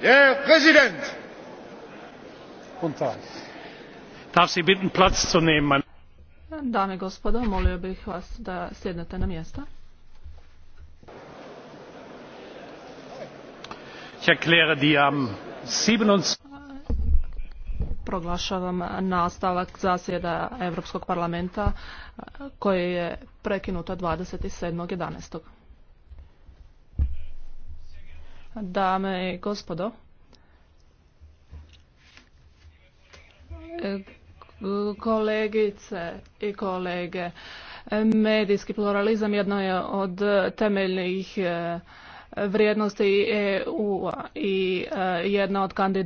herr präsident! dame i gospodo molio bih vas da sjednete na mjesta. proglašavam nastavak zasjeda europskog parlamenta koje je prekinuto. twenty seven dame i gospodo. E, kolegice i kolege, medijski pluralizam jedno je od temeljnih e, vrijednosti EU i e, jedna od kandidata